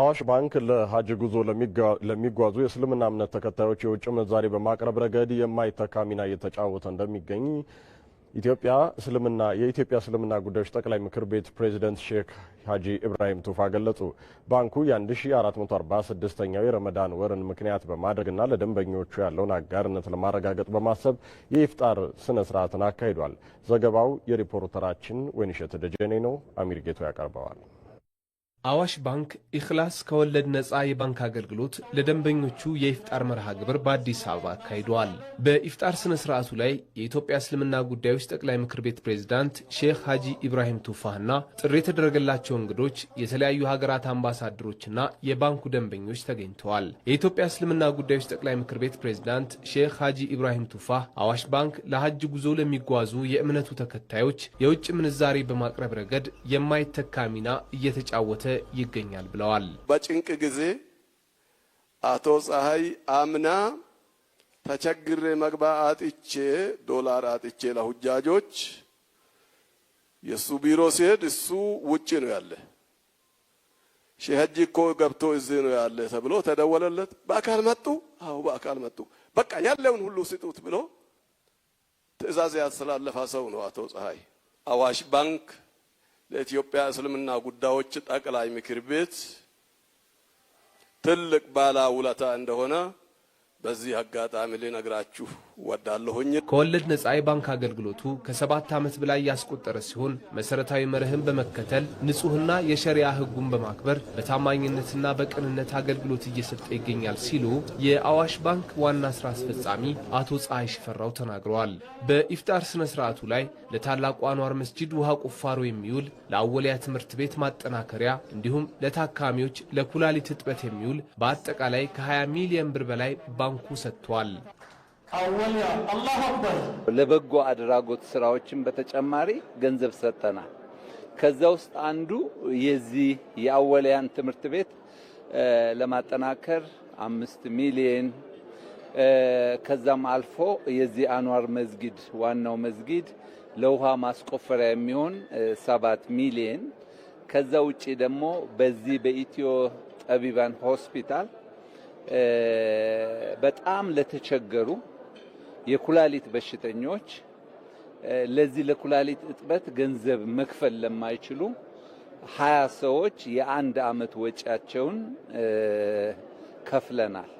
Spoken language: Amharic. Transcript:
አዋሽ ባንክ ለሀጅ ጉዞ ለሚጓዙ የእስልምና እምነት ተከታዮች የውጭ ምንዛሬ በማቅረብ ረገድ የማይተካ ሚና እየተጫወተ እንደሚገኝ ኢትዮጵያ እስልምና የኢትዮጵያ እስልምና ጉዳዮች ጠቅላይ ምክር ቤት ፕሬዚደንት ሼክ ሀጂ ኢብራሂም ቱፋ ገለጹ። ባንኩ የ1446ኛው የረመዳን ወርን ምክንያት በማድረግና ለደንበኞቹ ያለውን አጋርነት ለማረጋገጥ በማሰብ የኢፍጣር ስነ ስርዓትን አካሂዷል። ዘገባው የሪፖርተራችን ወይንሸት ደጀኔ ነው። አሚር ጌቶ ያቀርበዋል። አዋሽ ባንክ ኢኽላስ ከወለድ ነፃ የባንክ አገልግሎት ለደንበኞቹ የኢፍጣር መርሃ ግብር በአዲስ አበባ አካሂደዋል። በኢፍጣር ስነ ስርዓቱ ላይ የኢትዮጵያ እስልምና ጉዳዮች ጠቅላይ ምክር ቤት ፕሬዝዳንት ሼክ ሐጂ ኢብራሂም ቱፋህና ጥሪ የተደረገላቸው እንግዶች የተለያዩ ሀገራት አምባሳደሮችና የባንኩ ደንበኞች ተገኝተዋል። የኢትዮጵያ እስልምና ጉዳዮች ጠቅላይ ምክር ቤት ፕሬዝዳንት ሼክ ሐጂ ኢብራሂም ቱፋህ አዋሽ ባንክ ለሐጅ ጉዞ ለሚጓዙ የእምነቱ ተከታዮች የውጭ ምንዛሬ በማቅረብ ረገድ የማይተካ ሚና እየተጫወተ ይገኛል ብለዋል። በጭንቅ ጊዜ አቶ ፀሐይ አምና ተቸግሬ መግባ አጥቼ ዶላር አጥቼ ለሁጃጆች የእሱ ቢሮ ሲሄድ እሱ ውጭ ነው ያለ ሸህጂ እኮ ገብቶ እዚህ ነው ያለ ተብሎ ተደወለለት። በአካል መጡ። አዎ በአካል መጡ። በቃ ያለውን ሁሉ ስጡት ብሎ ትዕዛዝ ያስተላለፈ ሰው ነው አቶ ፀሐይ አዋሽ ባንክ ለኢትዮጵያ እስልምና ጉዳዮች ጠቅላይ ምክር ቤት ትልቅ ባለውለታ እንደሆነ በዚህ አጋጣሚ ልነግራችሁ ወዳለሁኝ ከወለድ ነፃ የባንክ አገልግሎቱ ከሰባት ዓመት በላይ ያስቆጠረ ሲሆን መሠረታዊ መርህን በመከተል ንጹሕና የሸሪያ ሕጉን በማክበር በታማኝነትና በቅንነት አገልግሎት እየሰጠ ይገኛል ሲሉ የአዋሽ ባንክ ዋና ሥራ አስፈጻሚ አቶ ፀሐይ ሽፈራው ተናግረዋል። በኢፍጣር ሥነ ሥርዓቱ ላይ ለታላቁ አንዋር መስጂድ ውሃ ቁፋሮ የሚውል ለአወሊያ ትምህርት ቤት ማጠናከሪያ እንዲሁም ለታካሚዎች ለኩላሊት እጥበት የሚውል በአጠቃላይ ከ20 ሚሊዮን ብር በላይ ባንኩ ሰጥቷል። ለበጎ አድራጎት ስራዎችን በተጨማሪ ገንዘብ ሰጠናል። ከዛ ውስጥ አንዱ የዚህ የአወለያን ትምህርት ቤት ለማጠናከር አምስት ሚሊየን ከዛም አልፎ የዚህ አንዋር መዝጊድ ዋናው መዝጊድ ለውሃ ማስቆፈሪያ የሚሆን ሰባት ሚሊየን ከዛ ውጪ ደግሞ በዚህ በኢትዮ ጠቢባን ሆስፒታል በጣም ለተቸገሩ የኩላሊት በሽተኞች ለዚህ ለኩላሊት እጥበት ገንዘብ መክፈል ለማይችሉ ሀያ ሰዎች የአንድ አመት ወጪያቸውን ከፍለናል።